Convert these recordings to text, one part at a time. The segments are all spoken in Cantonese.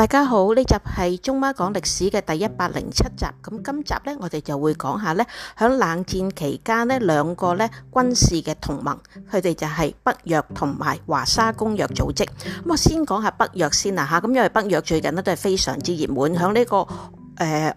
大家好，呢集係中馬講歷史嘅第一百零七集。噉今集呢，我哋就會講下呢，響冷戰期間呢，兩個呢，軍事嘅同盟，佢哋就係北約同埋華沙公約組織。噉我先講下北約先啦，吓，噉因為北約最近呢都係非常之熱門，響呢個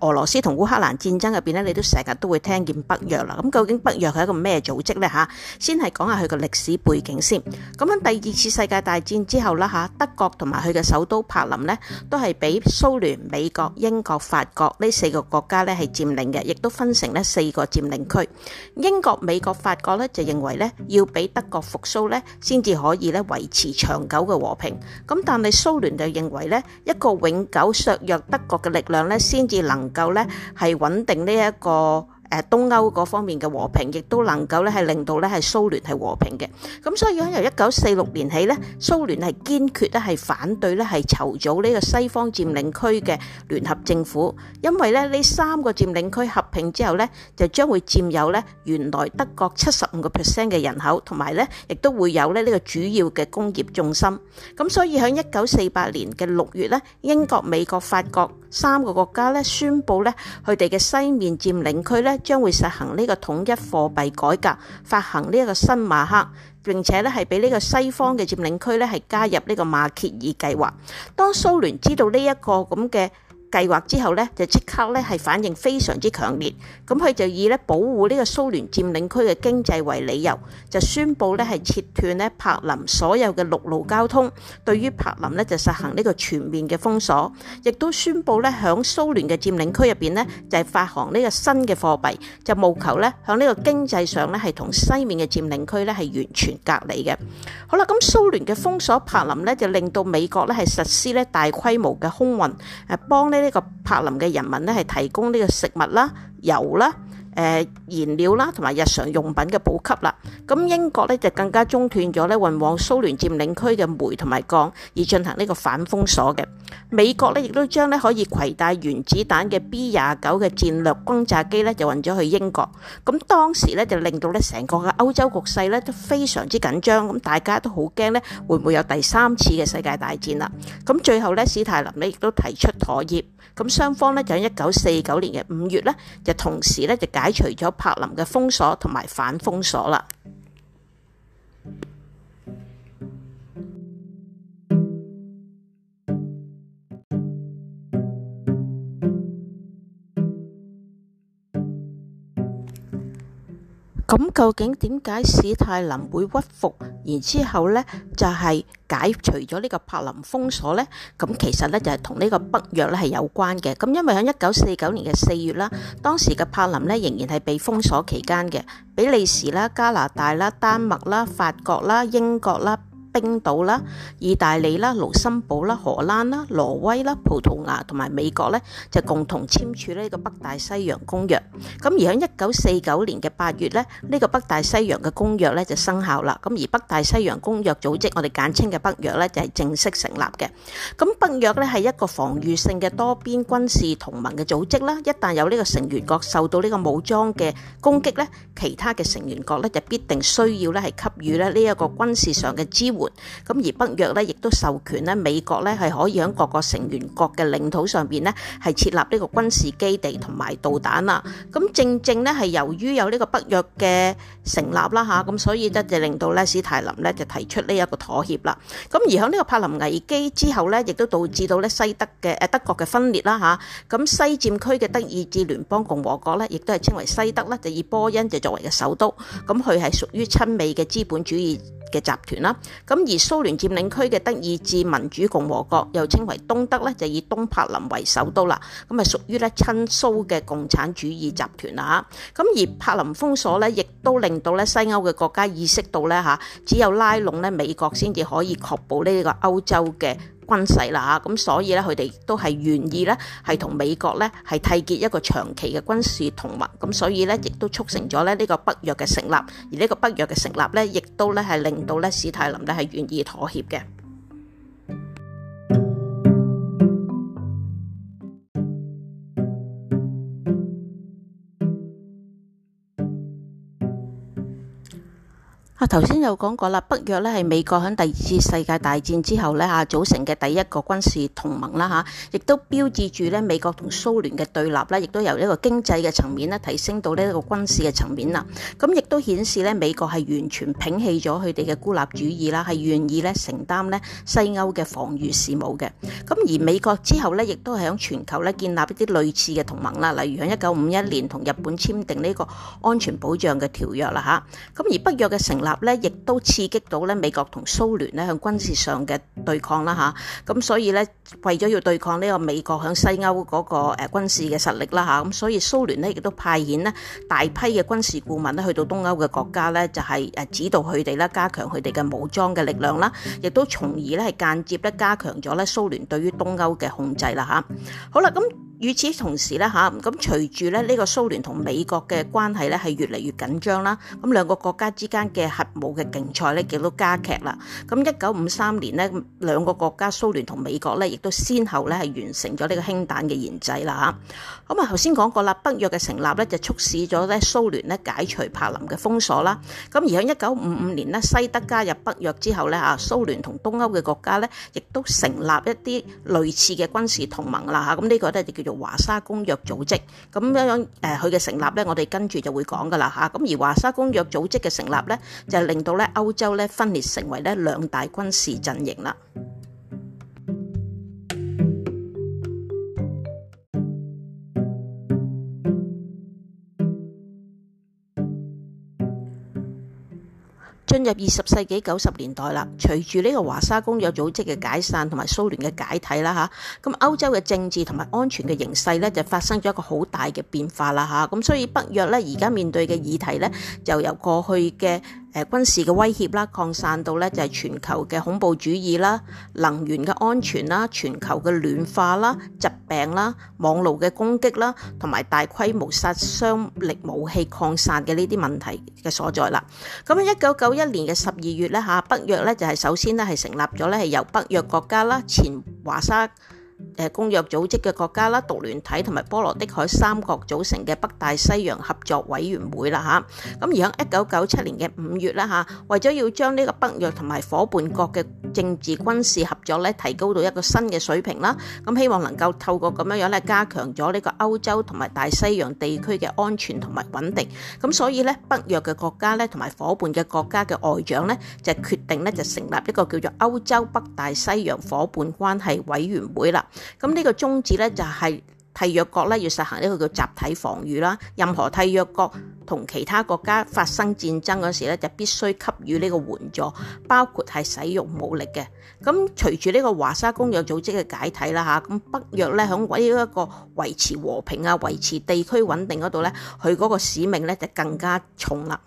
俄羅斯同烏克蘭戰爭入邊呢，你都成日都會聽見北約啦。咁究竟北約係一個咩組織呢？嚇，先係講下佢個歷史背景先。咁喺第二次世界大戰之後啦，嚇，德國同埋佢嘅首都柏林呢，都係俾蘇聯、美國、英國、法國呢四個國家呢係佔領嘅，亦都分成呢四個佔領區。英國、美國、法國呢，就認為呢要俾德國復蘇呢，先至可以呢維持長久嘅和平。咁但係蘇聯就認為呢，一個永久削弱德國嘅力量呢先。亦能夠咧係穩定呢一個誒東歐嗰方面嘅和平，亦都能夠咧係令到咧係蘇聯係和平嘅。咁所以喺由一九四六年起咧，蘇聯係堅決咧係反對咧係籌組呢個西方佔領區嘅聯合政府，因為咧呢三個佔領區合併之後咧，就將會佔有咧原來德國七十五個 percent 嘅人口，同埋咧亦都會有咧呢個主要嘅工業重心。咁所以喺一九四八年嘅六月咧，英國、美國、法國。三個國家咧宣布咧，佢哋嘅西面佔領區咧將會實行呢個統一貨幣改革，發行呢一個新馬克，並且咧係俾呢個西方嘅佔領區咧係加入呢個馬歇爾計劃。當蘇聯知道呢、呢、一個咁嘅。計劃之後呢，就即刻咧係反應非常之強烈，咁佢就以咧保護呢個蘇聯佔領區嘅經濟為理由，就宣布咧係切斷咧柏林所有嘅陸路交通，對於柏林呢，就實行呢個全面嘅封鎖，亦都宣布咧響蘇聯嘅佔領區入邊呢，就係發行呢個新嘅貨幣，就務求咧響呢個經濟上咧係同西面嘅佔領區咧係完全隔離嘅。好啦，咁蘇聯嘅封鎖柏林呢，就令到美國咧係實施咧大規模嘅空運，誒幫咧。呢、這個柏林嘅人民咧，係提供呢個食物啦、油啦。誒、呃、燃料啦，同埋日常用品嘅補給啦。咁英國呢就更加中斷咗呢運往蘇聯佔領區嘅煤同埋鋼，而進行呢個反封鎖嘅。美國呢亦都將呢可以攜帶原子彈嘅 B 廿九嘅戰略轟炸機呢就運咗去英國。咁當時呢就令到呢成個嘅歐洲局勢呢都非常之緊張。咁大家都好驚呢會唔會有第三次嘅世界大戰啦？咁最後呢史泰林呢亦都提出妥協。咁雙方呢就喺一九四九年嘅五月呢就同時呢。就解除咗柏林嘅封鎖同埋反封鎖啦。咁究竟點解史泰林會屈服，然之後呢，就係解除咗呢個柏林封鎖呢？咁其實呢，就係同呢個北約呢係有關嘅。咁因為喺一九四九年嘅四月啦，當時嘅柏林呢，仍然係被封鎖期間嘅，比利時啦、加拿大啦、丹麥啦、法國啦、英國啦。冰島啦、意大利啦、盧森堡啦、荷蘭啦、挪威啦、葡萄牙同埋美國咧，就共同簽署呢個北大西洋公約。咁而喺一九四九年嘅八月咧，呢個北大西洋嘅公約咧就生效啦。咁而北大西洋公約組織，我哋簡稱嘅北約咧就係正式成立嘅。咁北約咧係一個防禦性嘅多邊軍事同盟嘅組織啦。一旦有呢個成員國受到呢個武裝嘅攻擊咧，其他嘅成員國咧就必定需要咧係給予咧呢一個軍事上嘅支援。咁而北約咧，亦都授權咧，美國咧係可以喺各個成員國嘅領土上邊呢，係設立呢個軍事基地同埋導彈啦。咁正正咧係由於有呢個北約嘅成立啦吓，咁所以咧就令到咧史泰林咧就提出呢一個妥協啦。咁而喺呢個柏林危機之後咧，亦都導致到咧西德嘅誒德國嘅分裂啦吓。咁西佔區嘅德意志聯邦共和國咧，亦都係稱為西德啦，就以波恩就作為嘅首都。咁佢係屬於親美嘅資本主義嘅集團啦。咁而蘇聯佔領區嘅德意志民主共和國，又稱為東德咧，就以東柏林為首都啦。咁啊，屬於咧親蘇嘅共產主義集團啦。咁而柏林封鎖咧，亦都令到咧西歐嘅國家意識到咧吓，只有拉攏咧美國先至可以確保呢個歐洲嘅軍勢啦嚇，咁所以咧佢哋都係願意咧，係同美國咧係締結一個長期嘅軍事同盟，咁所以咧亦都促成咗咧呢個北約嘅成立，而呢個北約嘅成立咧，亦都咧係令到咧史泰林咧係願意妥協嘅。頭先有講過啦，北約咧係美國喺第二次世界大戰之後咧嚇組成嘅第一個軍事同盟啦嚇，亦都標誌住咧美國同蘇聯嘅對立啦，亦都由一個經濟嘅層面咧提升到呢一個軍事嘅層面啦。咁亦都顯示咧美國係完全摒棄咗佢哋嘅孤立主義啦，係願意咧承擔咧西歐嘅防禦事務嘅。咁而美國之後咧，亦都係喺全球咧建立一啲類似嘅同盟啦，例如喺一九五一年同日本簽訂呢個安全保障嘅條約啦嚇。咁而北約嘅成立咧，亦都刺激到咧，美國同蘇聯咧，向軍事上嘅對抗啦嚇。咁所以咧，為咗要對抗呢個美國向西歐嗰個誒軍事嘅實力啦嚇，咁所以蘇聯咧亦都派遣咧大批嘅軍事顧問咧，去到東歐嘅國家咧，就係，誒指導佢哋啦，加強佢哋嘅武裝嘅力量啦，亦都從而咧係間接咧加強咗咧蘇聯對於東歐嘅控制啦嚇。好啦，咁。與此同時咧嚇，咁隨住咧呢個蘇聯同美國嘅關係咧係越嚟越緊張啦，咁兩個國家之間嘅核武嘅競賽咧亦都加劇啦。咁一九五三年呢兩個國家蘇聯同美國咧亦都先後咧係完成咗呢個氫彈嘅研製啦嚇。咁啊頭先講過啦，北約嘅成立咧就促使咗咧蘇聯咧解除柏林嘅封鎖啦。咁而喺一九五五年呢，西德加入北約之後咧嚇，蘇聯同東歐嘅國家咧亦都成立一啲類似嘅軍事同盟啦嚇。咁、這、呢個咧就叫做。華沙公約組織咁樣樣，誒，佢嘅成立咧，我哋跟住就會講噶啦吓。咁而華沙公約組織嘅成立咧，就係令到咧歐洲咧分裂成為咧兩大軍事陣營啦。進入二十世紀九十年代啦，隨住呢個華沙公約組織嘅解散同埋蘇聯嘅解體啦，吓咁歐洲嘅政治同埋安全嘅形勢咧就發生咗一個好大嘅變化啦，吓咁所以北約咧而家面對嘅議題咧就由過去嘅誒軍事嘅威脅啦，擴散到咧就係全球嘅恐怖主義啦，能源嘅安全啦，全球嘅暖化啦，疾病啦，網路嘅攻擊啦，同埋大規模殺傷力武器擴散嘅呢啲問題嘅所在啦。咁喺一九九一年嘅十二月咧嚇，北約咧就係首先咧係成立咗咧，係由北約國家啦，前華沙。誒，公約組織嘅國家啦、獨聯體同埋波羅的海三國組成嘅北大西洋合作委員會啦嚇。咁而喺一九九七年嘅五月啦嚇，為咗要將呢個北約同埋伙伴國嘅政治軍事合作咧提高到一個新嘅水平啦，咁希望能夠透過咁樣樣咧加強咗呢個歐洲同埋大西洋地區嘅安全同埋穩定。咁所以咧，北約嘅國家咧同埋伙伴嘅國家嘅外長咧就決定咧就成立一個叫做歐洲北大西洋伙伴關係委員會啦。咁、這、呢個宗旨咧就係締約國咧要實行呢個叫集體防禦啦，任何締約國同其他國家發生戰爭嗰時咧，就必須給予呢個援助，包括係使用武力嘅。咁隨住呢個華沙公約組織嘅解體啦，嚇咁北約咧喺呢個維持和平啊、維持地區穩定嗰度咧，佢嗰個使命咧就更加重啦。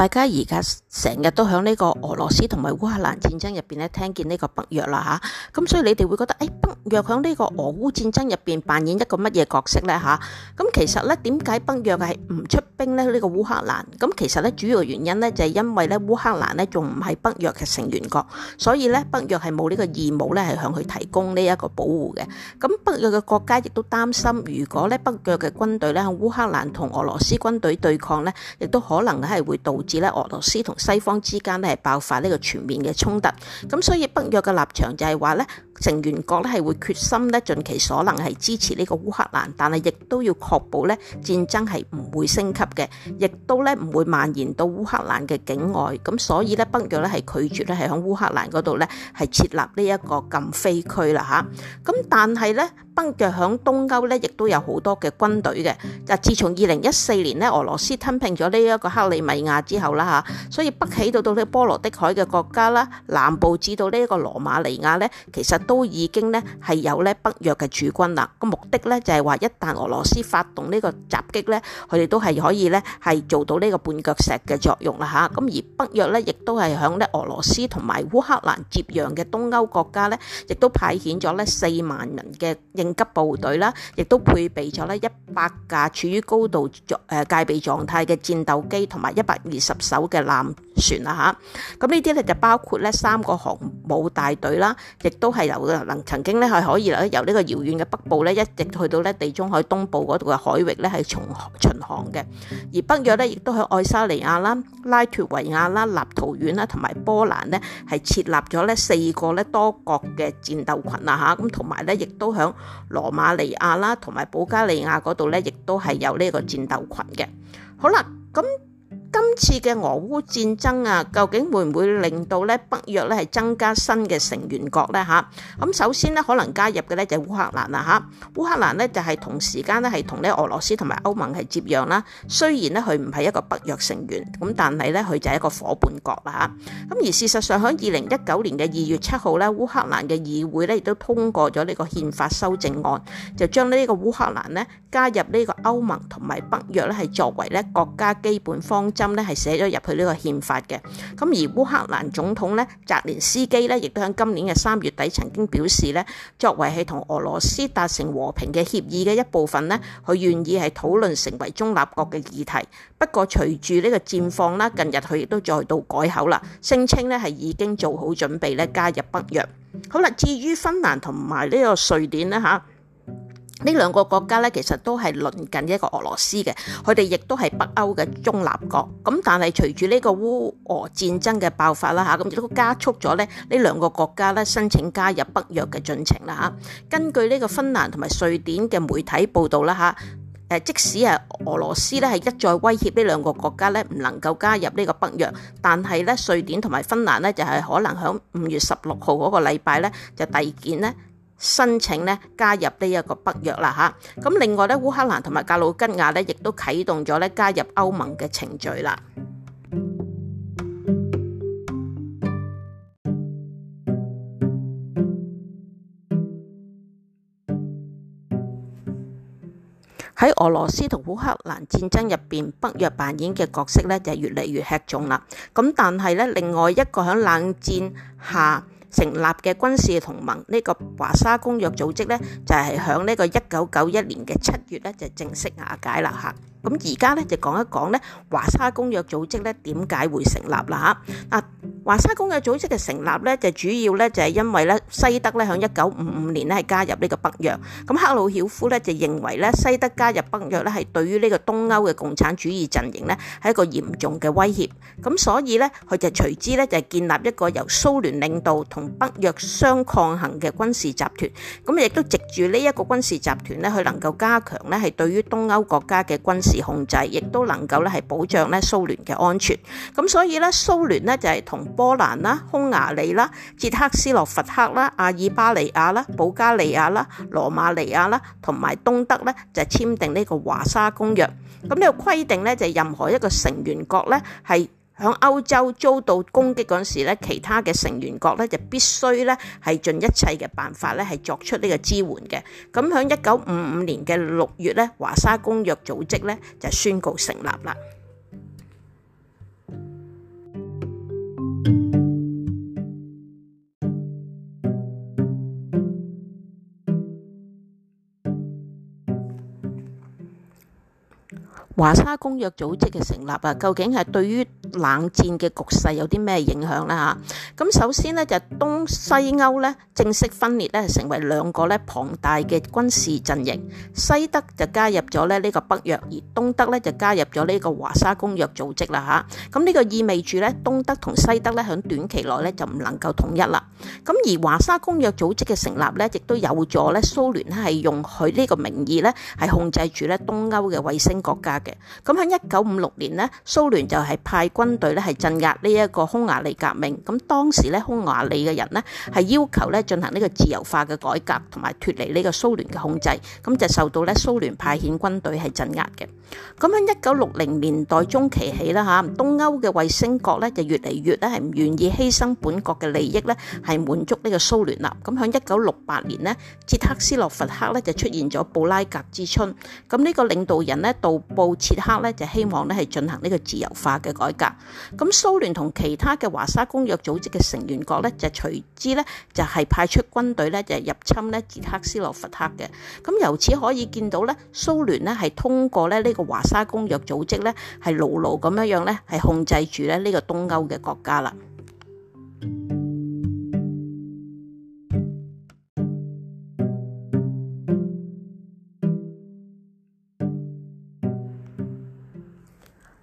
大家而家。成日都喺呢個俄羅斯同埋烏克蘭戰爭入邊咧，聽見呢個北約啦吓，咁所以你哋會覺得，誒、哎、北約喺呢個俄烏戰爭入邊扮演一個乜嘢角色呢？」吓，咁其實呢點解北約係唔出兵呢？呢、呢個烏克蘭？咁其實呢主要原因呢，就係、係、因為呢烏克蘭呢仲唔係北約嘅成員國，所以呢北約係冇呢個義務呢係向佢提供呢一個保護嘅。咁北約嘅國家亦都擔心，如果呢北約嘅軍隊呢喺烏克蘭同俄羅斯軍隊對抗呢，亦都可能係會導致呢俄羅斯同西方之間咧係爆發呢個全面嘅衝突，咁所以北約嘅立場就係話呢。成員國咧係會決心咧盡其所能係支持呢個烏克蘭，但係亦都要確保咧戰爭係唔會升級嘅，亦都咧唔會蔓延到烏克蘭嘅境外。咁所以咧北約咧係拒絕咧係喺烏克蘭嗰度咧係設立呢一個禁飛區啦嚇。咁但係咧北約響東歐咧亦都有好多嘅軍隊嘅。就自從二零一四年咧俄羅斯吞併咗呢一個克里米亞之後啦嚇，所以北起到到呢波羅的海嘅國家啦，南部至到呢一個羅馬尼亞咧，其實。都已經咧係有咧北約嘅駐軍啦，個目的呢就係話一旦俄羅斯發動呢個襲擊呢，佢哋都係可以呢係做到呢個絆腳石嘅作用啦嚇。咁而北約呢，亦都係喺呢俄羅斯同埋烏克蘭接壤嘅東歐國家呢，亦都派遣咗呢四萬人嘅應急部隊啦，亦都配備咗呢一百架處於高度狀誒戒備狀態嘅戰鬥機同埋一百二十艘嘅艦船啦吓，咁呢啲咧就包括咧三個航母大隊啦，亦都係由能曾經咧係可以由呢個遙遠嘅北部咧一直去到咧地中海東部嗰度嘅海域咧係巡巡航嘅。而北約咧亦都喺愛沙尼亞啦、拉脫維亞啦、立陶宛啦同埋波蘭呢係設立咗呢四個咧多國嘅戰鬥群啊吓，咁同埋咧亦都喺羅馬尼亞啦同埋保加利亞嗰度咧亦都係有呢個戰鬥群嘅。好啦，咁。今次嘅俄烏戰爭啊，究竟會唔會令到咧北約咧係增加新嘅成員國呢？嚇？咁首先咧，可能加入嘅咧就係烏克蘭啦嚇。烏克蘭咧就係同時間咧係同咧俄羅斯同埋歐盟係接壤啦。雖然咧佢唔係一個北約成員，咁但係咧佢就係一個伙伴國啦嚇。咁而事實上喺二零一九年嘅二月七號咧，烏克蘭嘅議會咧亦都通過咗呢個憲法修正案，就將呢個烏克蘭咧加入呢個歐盟同埋北約咧係作為咧國家基本方。咁咧係寫咗入去呢個憲法嘅。咁而烏克蘭總統咧澤連斯基咧，亦都喺今年嘅三月底曾經表示咧，作為係同俄羅斯達成和平嘅協議嘅一部分呢，佢願意係討論成為中立國嘅議題。不過隨住呢個戰況啦，近日佢亦都再度改口啦，聲稱咧係已經做好準備咧加入北約。好啦，至於芬蘭同埋呢個瑞典呢吓。呢兩個國家咧，其實都係鄰近一個俄羅斯嘅，佢哋亦都係北歐嘅中立國。咁但係隨住呢個烏俄戰爭嘅爆發啦吓，咁亦都加速咗咧呢兩個國家咧申請加入北約嘅進程啦吓，根據呢個芬蘭同埋瑞典嘅媒體報道啦吓，即使係俄羅斯咧係一再威脅呢兩個國家咧唔能夠加入呢個北約，但係咧瑞典同埋芬蘭咧就係可能響五月十六號嗰個禮拜咧就遞件呢，申請咧加入呢一個北約啦嚇，咁另外咧烏克蘭同埋格魯吉亞咧亦都啟動咗咧加入歐盟嘅程序啦。喺俄羅斯同烏克蘭戰爭入邊，北約扮演嘅角色咧就越嚟越吃重啦。咁但係咧，另外一個喺冷戰下成立嘅軍事同盟，呢個華沙公約組織呢，就係響呢個一九九一年嘅七月呢，就正式瓦解啦嚇。咁而家咧就講一講咧，華沙公約組織咧點解會成立啦吓，嗱，華沙公約組織嘅成立咧就主要咧就係因為咧西德咧響一九五五年咧係加入呢個北約，咁克魯曉夫咧就認為咧西德加入北約咧係對於呢個東歐嘅共產主義陣營咧係一個嚴重嘅威脅，咁所以咧佢就隨之咧就建立一個由蘇聯領導同北約相抗衡嘅軍事集團，咁亦都藉住呢一個軍事集團咧佢能夠加強咧係對於東歐國家嘅軍事。控制，亦都能夠咧係保障咧蘇聯嘅安全。咁所以咧，蘇聯咧就係同波蘭啦、匈牙利啦、捷克斯洛伐克啦、阿爾巴尼亞啦、保加利亞啦、羅馬尼亞啦，同埋東德咧就簽訂呢個華沙公約。咁呢個規定咧就任何一個成員國咧係。喺歐洲遭到攻擊嗰陣時咧，其他嘅成員國咧就必須咧係盡一切嘅辦法咧係作出呢個支援嘅。咁喺一九五五年嘅六月咧，華沙公約組織咧就宣告成立啦。華沙公約組織嘅成立啊，究竟係對於冷戰嘅局勢有啲咩影響咧嚇？咁首先呢，就東西歐咧正式分裂咧，成為兩個咧龐大嘅軍事陣營。西德就加入咗咧呢個北約，而東德咧就加入咗呢個華沙公約組織啦嚇。咁呢個意味住咧東德同西德咧喺短期內咧就唔能夠統一啦。咁而華沙公約組織嘅成立咧，亦都有助咧蘇聯咧係用佢呢個名義咧係控制住咧東歐嘅衛星國家嘅。咁喺一九五六年呢，蘇聯就係派軍隊咧係鎮壓呢一個匈牙利革命。咁當時咧，匈牙利嘅人呢係要求咧進行呢個自由化嘅改革，同埋脫離呢個蘇聯嘅控制。咁就受到咧蘇聯派遣軍隊係鎮壓嘅。咁喺一九六零年代中期起啦嚇，東歐嘅衛星國咧就越嚟越咧係唔願意犧牲本國嘅利益咧，係滿足呢個蘇聯啦。咁喺一九六八年呢，捷克斯洛伐克咧就出現咗布拉格之春。咁呢個領導人呢，杜布切克咧就希望咧係進行呢個自由化嘅改革。咁蘇聯同其他嘅華沙公約組織嘅成員國咧，就隨之咧就係派出軍隊咧，就係入侵咧捷克斯洛伐克嘅。咁由此可以見到咧，蘇聯咧係通過咧呢個華沙公約組織咧，係牢牢咁樣樣咧係控制住咧呢個東歐嘅國家啦。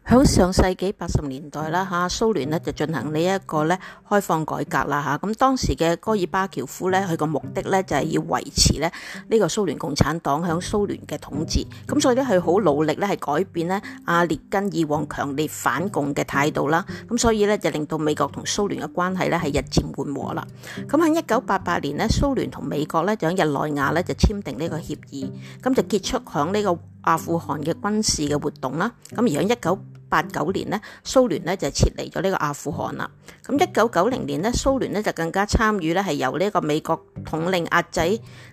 喺上世紀八十年代啦，吓蘇聯呢就進行呢一個咧開放改革啦，吓咁當時嘅戈爾巴喬夫咧，佢個目的咧就係要維持咧呢個蘇聯共產黨喺蘇聯嘅統治，咁所以咧佢好努力咧係改變咧阿列根以往強烈反共嘅態度啦，咁所以咧就令到美國同蘇聯嘅關係咧係日漸緩和啦，咁喺一九八八年呢，蘇聯同美國咧就喺日內瓦咧就簽訂呢個協議，咁就結束響呢個。阿富汗嘅軍事嘅活動啦，咁而喺一九八九年呢，蘇聯呢就撤離咗呢個阿富汗啦。咁一九九零年呢，蘇聯呢就更加參與咧，係由呢個美國統領壓制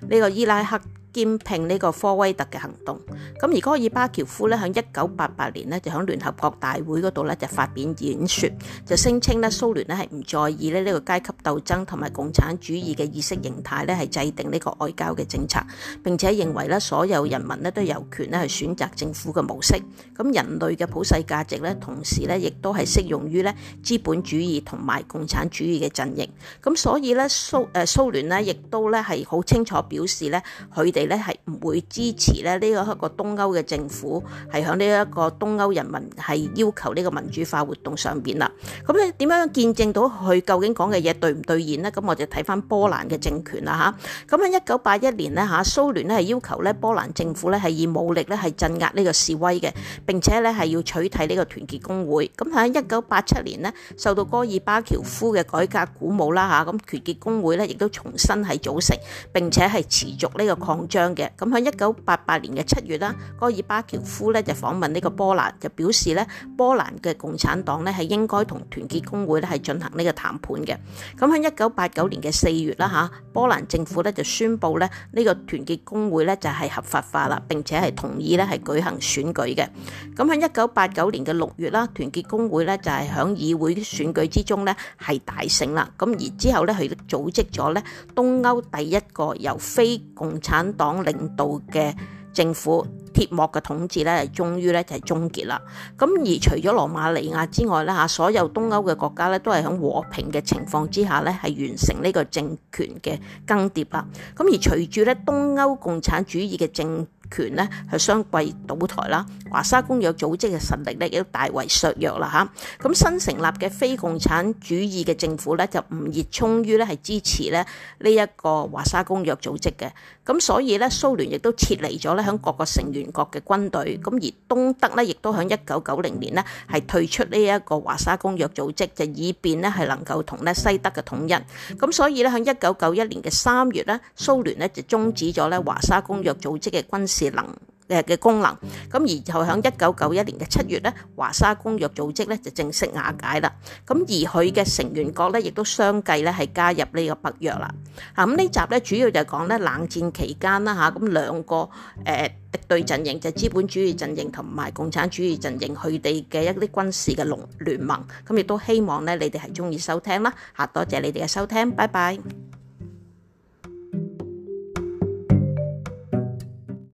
呢個伊拉克，兼聘呢個科威特嘅行動，咁而戈爾巴喬夫咧喺一九八八年呢，就喺聯合國大會嗰度咧就發表演説，就聲稱呢，蘇聯呢係唔在意咧呢個階級鬥爭同埋共產主義嘅意識形態咧係制定呢個外交嘅政策，並且認為咧所有人民呢都有權咧去選擇政府嘅模式，咁人類嘅普世價值咧同時咧亦都係適用於咧資本主義同埋共產主義嘅陣營，咁所以咧蘇誒蘇聯呢亦都咧係好清楚表示咧佢哋。咧係唔會支持咧呢一個東歐嘅政府係響呢一個東歐人民係要求呢個民主化活動上邊啦。咁你點樣見證到佢究竟講嘅嘢兌唔兌現呢？咁我就睇翻波蘭嘅政權啦吓，咁喺一九八一年呢，吓，蘇聯咧係要求咧波蘭政府咧係以武力咧係鎮壓呢個示威嘅，並且咧係要取締呢個團結工會。咁喺一九八七年呢，受到戈爾巴喬夫嘅改革鼓舞啦吓，咁團結工會咧亦都重新係組成並且係持續呢個抗。嘅，咁喺一九八八年嘅七月啦，戈爾巴喬夫咧就訪問呢個波蘭，就表示咧波蘭嘅共產黨咧係應該同團結工會咧係進行呢個談判嘅。咁喺一九八九年嘅四月啦，吓波蘭政府咧就宣佈咧呢個團結工會咧就係合法化啦，並且係同意咧係舉行選舉嘅。咁喺一九八九年嘅六月啦，團結工會咧就係喺議會選舉之中咧係大勝啦。咁而之後咧佢組織咗咧東歐第一個由非共產黨黨領導嘅政府鐵幕嘅統治咧，終於咧就係終結啦。咁而除咗羅馬尼亞之外咧，吓所有東歐嘅國家咧，都係喺和平嘅情況之下咧，係完成呢個政權嘅更迭啦。咁而隨住咧東歐共產主義嘅政權呢，係相繼倒台啦，華沙公約組織嘅實力呢，亦都大為削弱啦嚇。咁新成立嘅非共產主義嘅政府呢，就唔熱衷於呢係支持呢呢一個華沙公約組織嘅。咁所以呢，蘇聯亦都撤離咗呢響各個成員國嘅軍隊。咁而東德呢，亦都響一九九零年呢，係退出呢一個華沙公約組織，就以便呢係能夠同呢西德嘅統一。咁所以呢，響一九九一年嘅三月呢，蘇聯呢就終止咗呢華沙公約組織嘅軍事，是能嘅功能，咁然後喺一九九一年嘅七月咧，華沙公約組織咧就正式瓦解啦。咁而佢嘅成員國咧，亦都相繼咧係加入呢個北約啦。啊咁呢集咧主要就講咧冷戰期間啦嚇，咁兩個誒敵對陣營就係資本主義陣營同埋共產主義陣營，佢哋嘅一啲軍事嘅龍聯盟，咁亦都希望咧你哋係中意收聽啦。嚇，多謝你哋嘅收聽，拜拜。